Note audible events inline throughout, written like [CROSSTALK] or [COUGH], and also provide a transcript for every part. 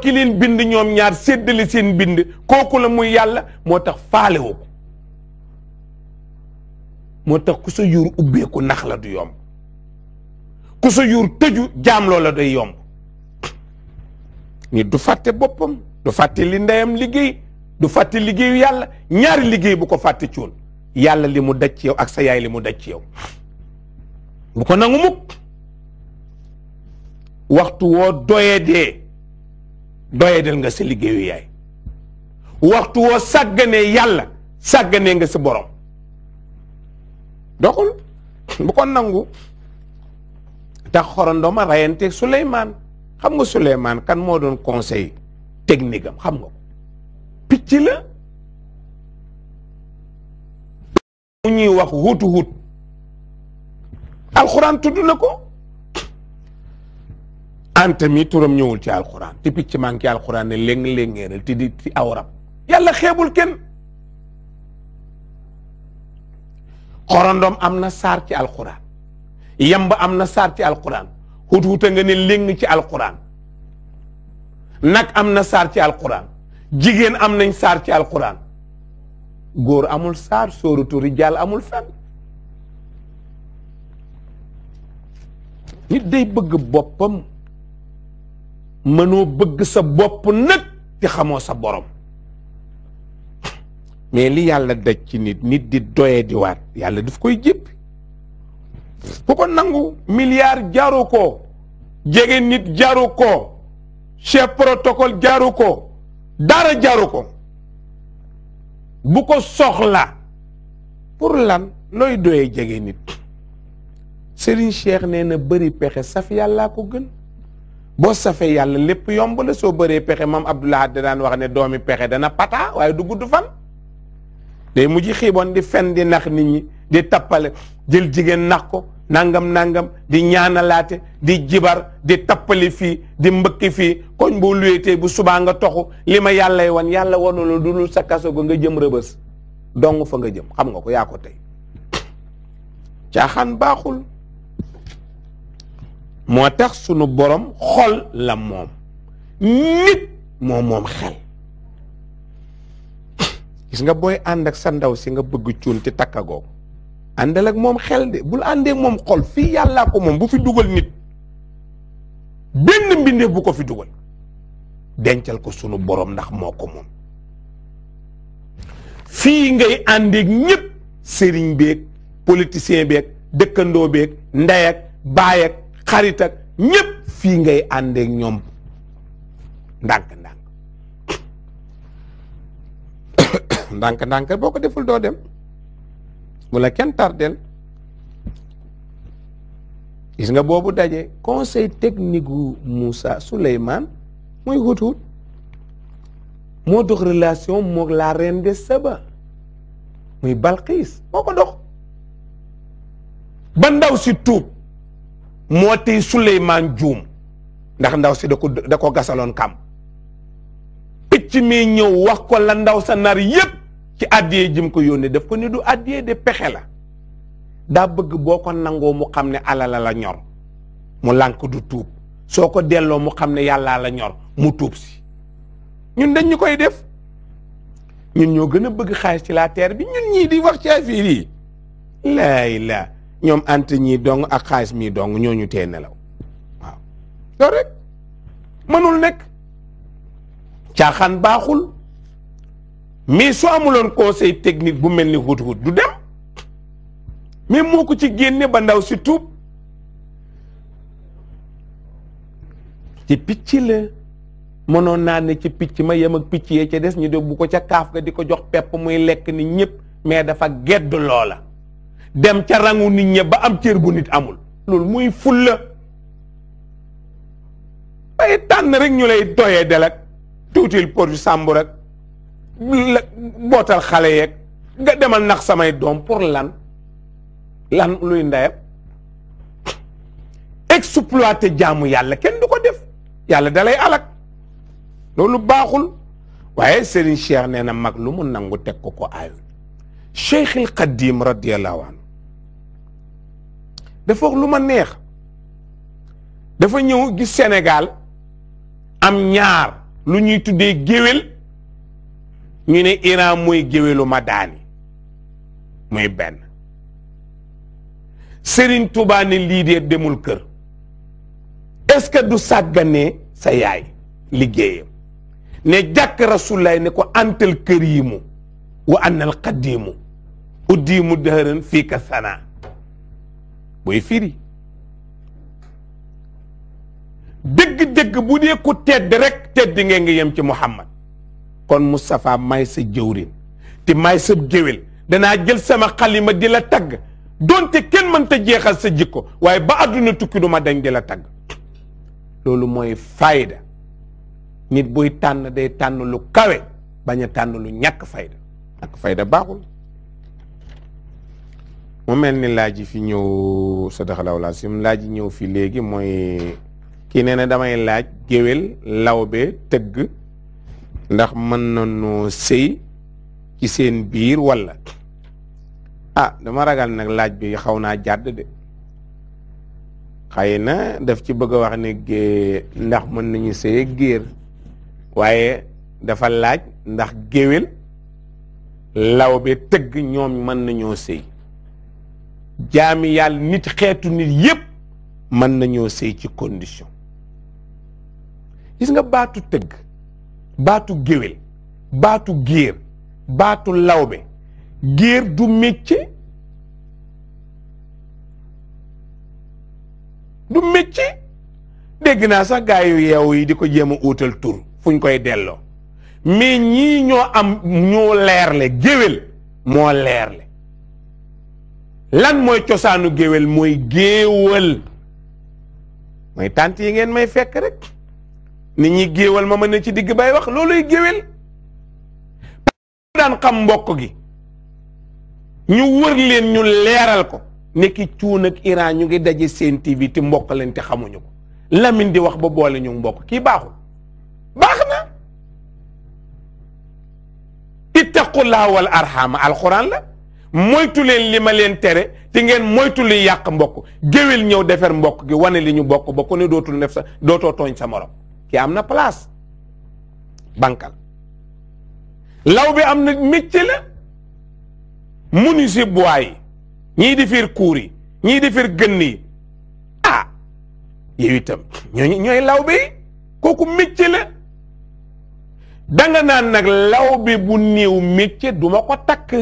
ki leen bind ñoom ñaar séddale seen bind kooku la muy yàlla moo tax faale ko moo tax ku sa yuur ubbeeku nax la du yomb ku sa yuur tëju jaam loola day yomb nit du fàtte boppam du fàtte li ndeyam liggéey du fàtte liggéeyu yàlla ñaar liggéey bu ko fàtte cuun yàlla li mu daj ci yow ak sa yaay li mu daj ci yow bu ko nangu mukk waxtu woo doyee dee doyadal nga sa liggéeyu yaay waxtu woo sàgganee yàlla sàgganee nga sa borom doxul bu ko nangu tax xorondoma rayante Souleymane xam nga Souleymane kan moo doon conseil technique xam nga ko picc la mu ñuy wax hutu hut alxuraan tudd na ko anta mi turam ñëwul ci alxuraan te picc maa ngi ci alxuraan ne léng-léngeeral te di ci awram yàlla xeebul ken xorondom am na saar ci alxuraan yamba am na saar ci alxuraan xut-xuta nga ne ci alxuraan nag am na saar ci alxuraan jigéen am nañ saar ci alxuraan góor amul saar sóoratu rijaal amul fenn nit day bëgg boppam mënoo bëgg sa bopp nag te xamoo sa borom mais li yàlla daj ci nit nit di doyee di waat yàlla daf koy jéppi bu ko nangu milliard jaru ko jege nit jaru ko chef porotokol jaru ko dara jaru ko bu ko soxla pour lan looy doye jege nit Serigne Cheikh nee na bëri pexe saf yàllaa ko gën boo safee yàlla lépp yomb la soo bëree pexe maam Abdoulaye da daan wax ne doomi pexe dana pata waaye du gudd fan day mujj xiiboon di fen di nax nit ñi di tappale jël jigéen nax ko nangam nangam di ñaanalaate di jibar di tappali fii di mbëkki fii koñ boo luyeetee bu subaa nga toxu li ma yàllay wan yàlla wanu la dul sa kaso ga nga jëm rëbës dong fa nga jëm xam nga ko yaa ko tey caaxaan baaxul moo tax sunu borom xol la moom nit moo moom xel gis nga booy ànd ak sa ndaw si nga bëgg cuun ti takkagoo àndal ak moom xel de bul àndee moom xol fii yàllaa ko moom bu fi dugal nit benn mbindeef bu ko fi dugal dencal ko sunu borom ndax moo ko moom fii ngay àndeeg ñépp sëriñ beeg politicien beeg dëkkandoo beeg ndey ak xarit ak ñepp fi ngay ande ak ñom ndank ndank [COUGHS] ndank ndank boko deful do dem bu la tardel gis nga bobu daje conseil technique Moussa Souleymane moy Hut Hut moo dox relation mo la reine de Saba muy Balqis moko dox ba ndaw si toup moo tey Souleymane juum ndax ndaw si da ko da ko gasaloon kam picc mi ñëw wax ko la ndaw sa nar yépp ci àddiyee jim ko yónnee def ko ni du àddiyee de pexe la daa bëgg boo ko nangoo mu xam ne alala la ñor mu lànk du tuub soo ko delloo mu xam ne yàllaa la ñor mu tuub si ñun dañ ñu koy def ñun ñoo gën a bëgg xaalis ci la teer bi ñun ñii di wax ci affaire yi laay la ñoom ant ñii dong ak xaalis mii dong ñooñu tee nelaw waaw soo rek mënul nekk caaxaan baaxul mais soo amuloon conseil technique bu mel ni hut-hut du dem mais moo ko ci génne ba ndaw si tuub ci picc la mënoon naa ne ci picc ma yem ak picc yee ca des ñu dégg bu ko ca kaaf ga di ko jox pepp muy lekk ni ñëpp mais dafa gedd loola dem ca rangu nit ña ba am cër bu nit amul loolu muy fulla waaye tànn rek ñu lay doyee del ak tuutil pour sàmb rek bootal xale yeeg nga demal nax samay doom pour lan lan luy ndeyam exploité jaamu yàlla kenn du ko def yàlla dalay alak loolu baaxul waaye Serigne Cheikh nee na mag lu mu nangu teg ko ko aayul cheikhil qadim radiallahu anhu dafa wax lu ma neex dafa ñëw gis Sénégal am ñaar lu ñuy tuddee géwél ñu ne Iran mooy géwélu Madaani muy benn Serigne Touba ne lii de demul kër est-ce du sàgganee sa yaay liggéeyam ne jàkk Rasulullah ne ko antal kër yi mu wa annal qadimu uddiimu dëhëran fii ka sana booy firi dëgg-dëgg bu dee ku tedd rek tedd ngeen ngi yem ci Muhammad kon Moustapha may sa jëwrin te may sa géwél danaa jël sama xalima di la tagg donte kenn mënta jeexal sa jikko waaye ba àdduna tukki du ma dañ di la tagg loolu mooy fayda nit buy tànn day tànn lu kawe bañ a tànn lu ñàkk fayda ñàkk fayda baaxul mu mel ni laaj yi fi ñëw sadaxalaw laa sim laaj yi ñëw fi léegi mooy ki nee na damay laaj géwél lawbe tëgg ndax mën nañoo sëy ci seen biir walla ah dama ragal nag laaj bi xaw naa jàdd de xëy na daf ci bëgg wax ne ndax mën nañu sëy ak géer waaye dafa laaj ndax géwél lawbe tëgg ñoom mën nañoo sëy jaami yàlla nit xeetu nit yépp mën nañoo sëy ci condition gis nga baatu tëgg baatu géwél baatu géer baatu lawbe géer du métier du métier dégg naa sax gaa yu yeew yi di ko jéem a uutal tur fu ñu koy delloo mais ñii ñoo am ñoo leerle géwél moo leerle lan mooy cosaanu géwél mooy géewal mooy tànt yi ngeen may fekk rek nit ñi géewal ma mën na ci digg bay wax looluy géwél daan xam mbokk gi ñu wër leen ñu leeral ko nekki cuun ak Iran ñu ngi daje seen TV te mbokk leen te xamuñu ko Lamine di wax ba boole ñu mbokk kii baaxul baax na ittaqullaa wal arxama alquran la moytu leen li ma leen tere te ngeen moytu li yàq mbokk géwél ñëw defar mbokk gi wane li ñu bokk ba ku ne dootul def sa dootoo tooñ sa morom ki am na place bankal law bi am na métier la menuisier bois yi ñii defar kuur yi ñii defar gën yi ah yow itam ñooñu ñooy law bi kooku métier la danga naan nag law bi bu néew métier duma ko takk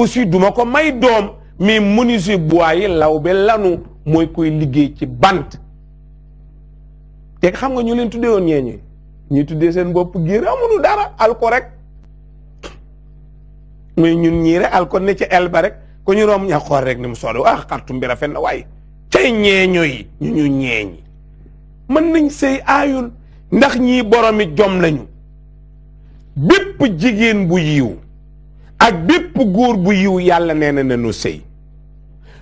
aussi duma ko may doom mais menuisier bois yi lawbe lanu mooy koy liggéey ci bant te xam nga ñu leen tuddee woon ñee ñi ñuy tuddee seen bopp géer amuñu dara ñun ñii rek ci el ba rek ah, rek ni mu solo ah, rafet na waaye cay ñeeño yi ñu ñeeñi mën nañ sëy aayul ndax ñii boromi jom lañu bépp jigéen bu yiw ak bépp góor bu yiw yàlla nee na nanu sëy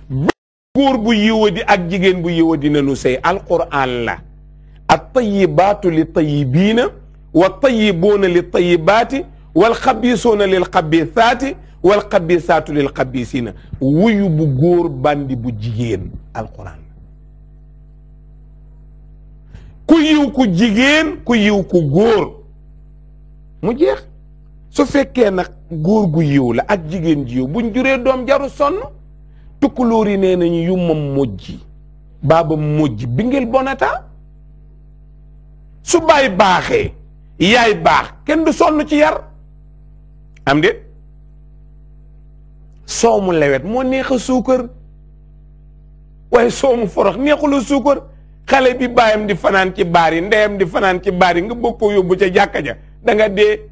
bépp góor bu ak jigéen bu yiwadi nanu sëy alquran la at tayibaatu li tayibiina wa tayibuuna li tayibaati wal xabisuuna lil xabisaati wal xabisaatu lil xabisiina wuyu bu góor bandi bu jigéen alquran ku yiw ku jigéen ku yiw ku góor su fekkee nag góor gu yiw la ak jigéen ji yiw buñ juree doom jaru sonn tukkulóor yi nee nañu yummam mojji baabam mojji bi ngel bonata su baay baaxee yaay baax kenn du sonn ci yar am déet soow mu lewet moo neex a suukar waaye soow mu forox neexula suukar xale bi baayam di fanaan ci baar yi ndeyam di fanaan ci baar yi nga bëgg koo yóbbu ca jàkka ja da dee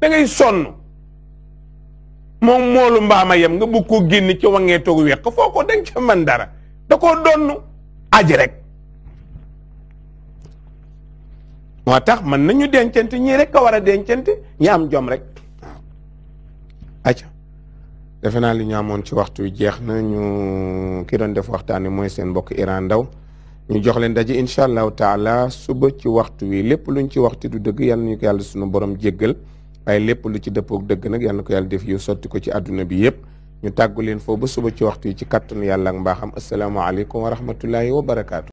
da ngay sonn moom moolu mbaama yam nga bëgg koo génn ci wangee toog weq foo ko danga ca man dara da koo donn aji rek moo tax mën nañu dencante ñii rek ka war a dencante ñi am jom rek waaw acca defe naa li ñu amoon ci waxtu wi jeex na ñu ki doon def waxtaan wi mooy seen mbokk Iran Ndaw ñu jox leen daje incha allahu taala suba ci waxtu wi lépp luñ ci waxtu du dëgg yàlla ñu ko yàlla sunu borom jéggal waaye lépp lu ci dëppook dëgg nag yal na ko yàlla def yu sotti ko ci àdduna bi yëpp ñu tàgg leen foofu ba suba ci waxtu ci kàttanu yàlla ak mbaaxam asalaamaaleykum wa rahmatullahi wa barakaatu.